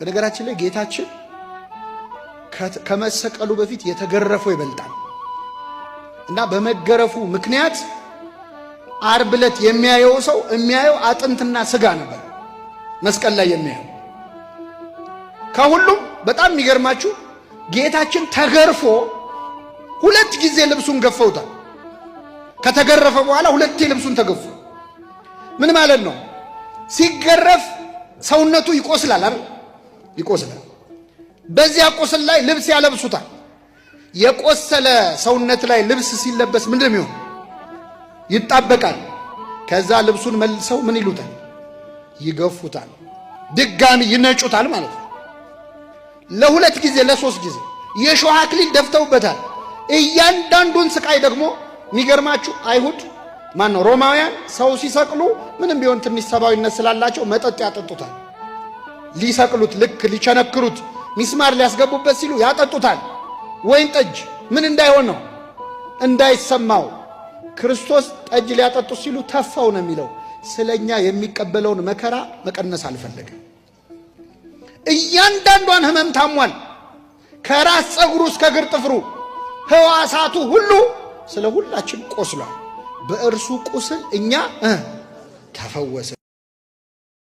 በነገራችን ላይ ጌታችን ከመሰቀሉ በፊት የተገረፈው ይበልጣል እና በመገረፉ ምክንያት ዓርብ ዕለት የሚያየው ሰው የሚያየው አጥንትና ስጋ ነበር። መስቀል ላይ የሚያየው ከሁሉም በጣም የሚገርማችሁ ጌታችን ተገርፎ ሁለት ጊዜ ልብሱን ገፈውታል። ከተገረፈ በኋላ ሁለቴ ልብሱን ተገፎ ምን ማለት ነው? ሲገረፍ ሰውነቱ ይቆስላል አይደል? ይቆስላል። በዚያ ቁስል ላይ ልብስ ያለብሱታል። የቆሰለ ሰውነት ላይ ልብስ ሲለበስ ምንድን ይሆን? ይጣበቃል። ከዛ ልብሱን መልሰው ምን ይሉታል? ይገፉታል። ድጋሚ ይነጩታል ማለት ነው። ለሁለት ጊዜ ለሶስት ጊዜ የእሾህ አክሊል ደፍተውበታል። እያንዳንዱን ስቃይ ደግሞ የሚገርማችሁ አይሁድ ማን ነው ሮማውያን ሰው ሲሰቅሉ ምንም ቢሆን ትንሽ ሰብአዊነት ስላላቸው መጠጥ ያጠጡታል። ሊሰቅሉት ልክ ሊቸነክሩት ሚስማር ሊያስገቡበት ሲሉ ያጠጡታል። ወይን ጠጅ ምን እንዳይሆን ነው እንዳይሰማው። ክርስቶስ ጠጅ ሊያጠጡት ሲሉ ተፋው ነው የሚለው። ስለ እኛ የሚቀበለውን መከራ መቀነስ አልፈለገም። እያንዳንዷን ህመም ታሟል። ከራስ ፀጉሩ እስከ እግር ጥፍሩ ህዋሳቱ ሁሉ ስለ ሁላችን ቆስሏል። በእርሱ ቁስል እኛ ተፈወሰ።